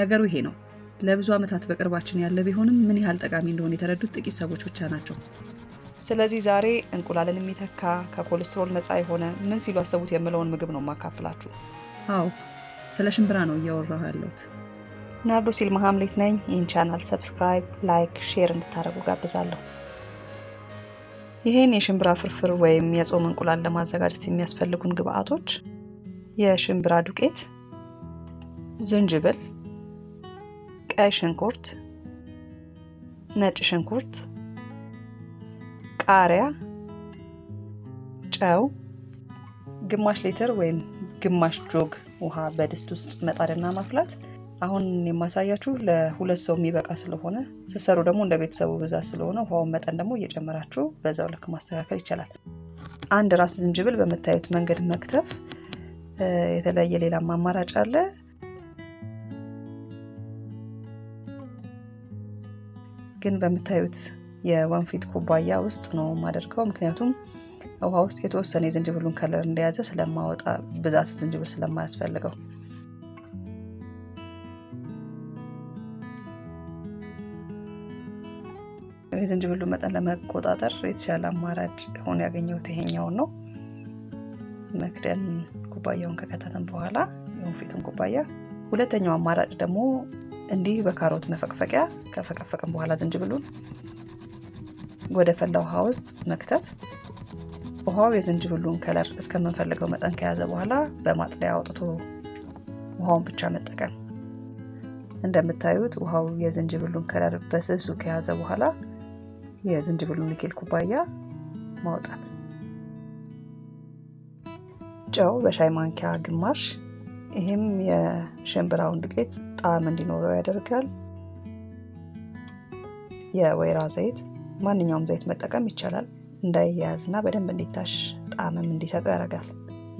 ነገሩ ይሄ ነው። ለብዙ ዓመታት በቅርባችን ያለ ቢሆንም ምን ያህል ጠቃሚ እንደሆነ የተረዱት ጥቂት ሰዎች ብቻ ናቸው። ስለዚህ ዛሬ እንቁላልን የሚተካ ከኮሌስትሮል ነፃ የሆነ ምን ሲሉ አሰቡት የምለውን ምግብ ነው የማካፍላችሁ። አዎ ስለ ሽምብራ ነው እያወራሁ ያለሁት። ናርዶ ሲልማ ሀምሌት ነኝ። ይህን ቻናል ሰብስክራይብ፣ ላይክ፣ ሼር እንድታደርጉ ጋብዛለሁ። ይህን የሽምብራ ፍርፍር ወይም የጾም እንቁላል ለማዘጋጀት የሚያስፈልጉን ግብአቶች የሽምብራ ዱቄት፣ ዝንጅብል ቀይ ሽንኩርት፣ ነጭ ሽንኩርት፣ ቃሪያ፣ ጨው፣ ግማሽ ሊትር ወይም ግማሽ ጆግ ውሃ በድስት ውስጥ መጣድና ማፍላት። አሁን የማሳያችሁ ለሁለት ሰው የሚበቃ ስለሆነ ስሰሩ ደግሞ እንደ ቤተሰቡ ብዛት ስለሆነ ውሃውን መጠን ደግሞ እየጨመራችሁ በዛው ልክ ማስተካከል ይቻላል። አንድ ራስ ዝንጅብል በምታዩት መንገድ መክተፍ። የተለያየ ሌላም አማራጭ አለ። ግን በምታዩት የወንፊት ኩባያ ውስጥ ነው የማደርገው። ምክንያቱም ውሃ ውስጥ የተወሰነ የዝንጅብሉን ከለር እንደያዘ ስለማወጣ ብዛት ዝንጅብል ስለማያስፈልገው የዝንጅብሉ መጠን ለመቆጣጠር የተሻለ አማራጭ ሆኖ ያገኘሁት ይሄኛውን ነው። መክደን ኩባያውን ከከተተን በኋላ የወንፊቱን ኩባያ ሁለተኛው አማራጭ ደግሞ እንዲህ በካሮት መፈቅፈቂያ ከፈቀፈቅን በኋላ ዝንጅብሉን ወደ ፈላ ውሃ ውስጥ መክተት። ውሃው የዝንጅብሉን ከለር እስከምንፈልገው መጠን ከያዘ በኋላ በማጥለያ አውጥቶ ውሃውን ብቻ መጠቀም። እንደምታዩት ውሃው የዝንጅብሉን ከለር በስሱ ከያዘ በኋላ የዝንጅብሉን ኒኬል ኩባያ ማውጣት። ጨው በሻይ ማንኪያ ግማሽ። ይህም የሽምብራውን ዱቄት ጣዕም እንዲኖረው ያደርጋል። የወይራ ዘይት ማንኛውም ዘይት መጠቀም ይቻላል። እንዳይያያዝ በደንብ እንዲታሽ ጣዕምም እንዲሰጠው ያደርጋል።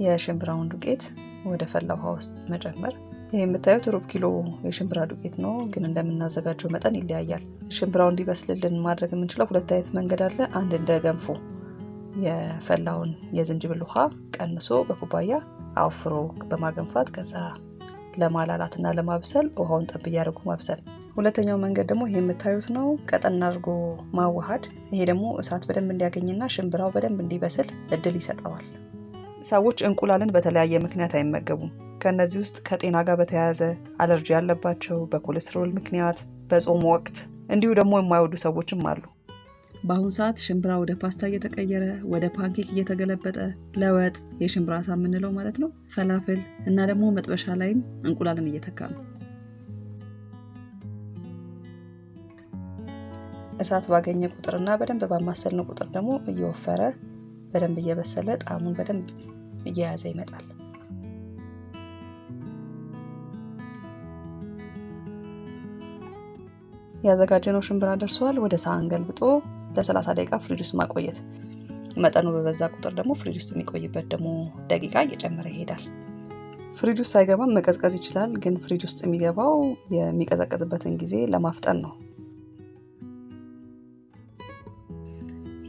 የሽምብራውን ዱቄት ወደ ፈላ ውሃ ውስጥ መጨመር። ይህ የምታዩት ሩብ ኪሎ የሽምብራ ዱቄት ነው፣ ግን እንደምናዘጋጀው መጠን ይለያያል። ሽምብራው እንዲበስልልን ማድረግ የምንችለው ሁለት አይነት መንገድ አለ። አንድ እንደ ገንፎ የፈላውን የዝንጅብል ውሃ ቀንሶ በኩባያ አውፍሮ በማገንፋት ከዛ ለማላላትና ለማብሰል ውሃውን ጠብ እያደረጉ ማብሰል። ሁለተኛው መንገድ ደግሞ ይሄ የምታዩት ነው፣ ቀጠን አድርጎ ማዋሃድ። ይሄ ደግሞ እሳት በደንብ እንዲያገኝና ሽምብራው በደንብ እንዲበስል እድል ይሰጠዋል። ሰዎች እንቁላልን በተለያየ ምክንያት አይመገቡም። ከእነዚህ ውስጥ ከጤና ጋር በተያያዘ አለርጂ ያለባቸው፣ በኮሌስትሮል ምክንያት፣ በጾም ወቅት እንዲሁ ደግሞ የማይወዱ ሰዎችም አሉ። በአሁኑ ሰዓት ሽምብራ ወደ ፓስታ እየተቀየረ ወደ ፓንኬክ እየተገለበጠ ለወጥ የሽምብራ ሳ የምንለው ማለት ነው፣ ፈላፍል እና ደግሞ መጥበሻ ላይም እንቁላልን እየተካ ነው። እሳት ባገኘ ቁጥርና በደንብ ባማሰልነው ቁጥር ደግሞ እየወፈረ በደንብ እየበሰለ ጣዕሙን በደንብ እየያዘ ይመጣል። ያዘጋጀነው ሽምብራ ደርሷል። ወደ ሳህን ገልብጦ ለ30 ደቂቃ ፍሪጅ ውስጥ ማቆየት። መጠኑ በበዛ ቁጥር ደግሞ ፍሪጅ ውስጥ የሚቆይበት ደግሞ ደቂቃ እየጨመረ ይሄዳል። ፍሪጅ ውስጥ ሳይገባም መቀዝቀዝ ይችላል። ግን ፍሪጅ ውስጥ የሚገባው የሚቀዘቀዝበትን ጊዜ ለማፍጠን ነው።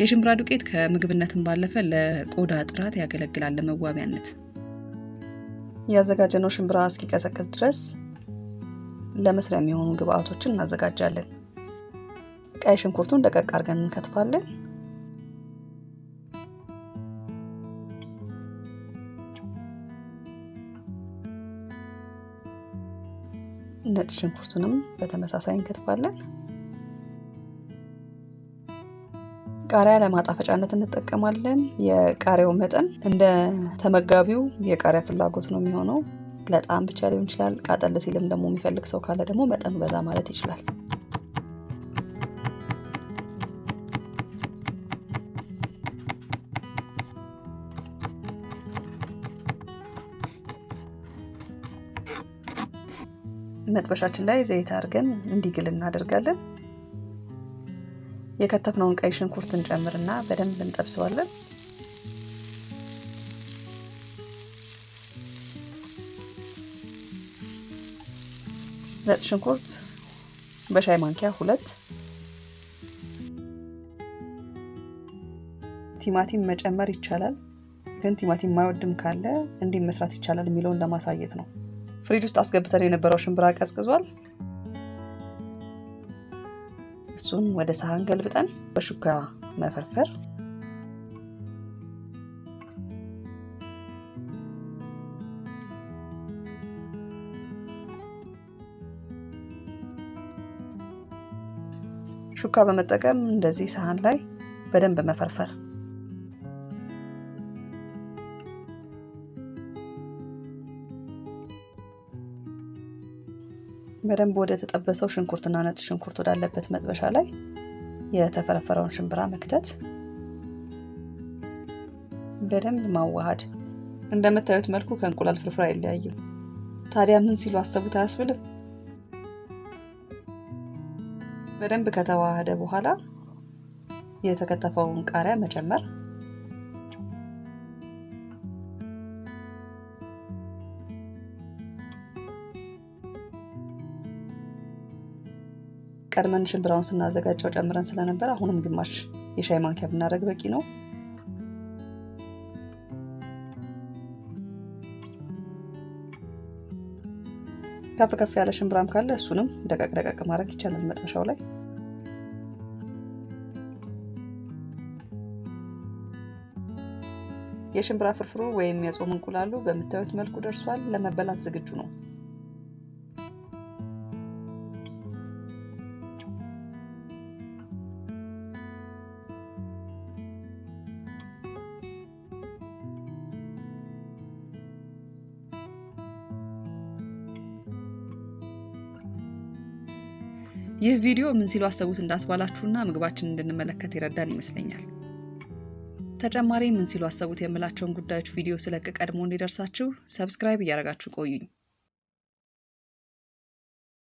የሽምብራ ዱቄት ከምግብነትን ባለፈ ለቆዳ ጥራት ያገለግላል፣ ለመዋቢያነት። ያዘጋጀነው ሽምብራ እስኪቀዘቅዝ ድረስ ለመስሪያ የሚሆኑ ግብአቶችን እናዘጋጃለን። ቀይ ሽንኩርቱን ደቀቅ አድርገን እንከትፋለን። ነጭ ሽንኩርቱንም በተመሳሳይ እንከትፋለን። ቃሪያ ለማጣፈጫነት እንጠቀማለን። የቃሪያው መጠን እንደ ተመጋቢው የቃሪያ ፍላጎት ነው የሚሆነው። ለጣም ብቻ ሊሆን ይችላል። ቃጠል ሲልም ደግሞ የሚፈልግ ሰው ካለ ደግሞ መጠኑ በዛ ማለት ይችላል። መጥበሻችን ላይ ዘይት አድርገን እንዲግል እናደርጋለን። የከተፍነውን ቀይ ሽንኩርት እንጨምርና በደንብ እንጠብሰዋለን። ነጭ ሽንኩርት በሻይ ማንኪያ ሁለት፣ ቲማቲም መጨመር ይቻላል፣ ግን ቲማቲም ማይወድም ካለ እንዲህ መስራት ይቻላል የሚለውን ለማሳየት ነው። ፍሪጅ ውስጥ አስገብተን የነበረው ሽምብራ ቀዝቅዟል። እሱን ወደ ሳህን ገልብጠን በሹካ መፈርፈር ሹካ በመጠቀም እንደዚህ ሳህን ላይ በደንብ መፈርፈር በደንብ ወደ ተጠበሰው ሽንኩርትና ነጭ ሽንኩርት ወዳለበት መጥበሻ ላይ የተፈረፈረውን ሽንብራ መክተት፣ በደንብ ማዋሃድ። እንደምታዩት መልኩ ከእንቁላል ፍርፍር አይለያይም። ታዲያ ምን ሲሉ አሰቡት አያስብልም? በደንብ ከተዋሃደ በኋላ የተከተፈውን ቃሪያ መጨመር ቀድመን ሽምብራውን ስናዘጋጀው ጨምረን ስለነበር አሁንም ግማሽ የሻይ ማንኪያ ብናደርግ በቂ ነው። ከፍ ከፍ ያለ ሽምብራም ካለ እሱንም ደቀቅ ደቀቅ ማድረግ ይቻላል መጥበሻው ላይ። የሽምብራ ፍርፍሩ ወይም የጾም እንቁላሉ በምታዩት መልኩ ደርሷል። ለመበላት ዝግጁ ነው። ይህ ቪዲዮ ምን ሲሉ አሰቡት እንዳስባላችሁና ምግባችን እንድንመለከት ይረዳን ይመስለኛል። ተጨማሪ ምን ሲሉ አሰቡት የምላቸውን ጉዳዮች ቪዲዮ ስለቅ ቀድሞ እንዲደርሳችሁ ሰብስክራይብ እያደረጋችሁ ቆዩኝ።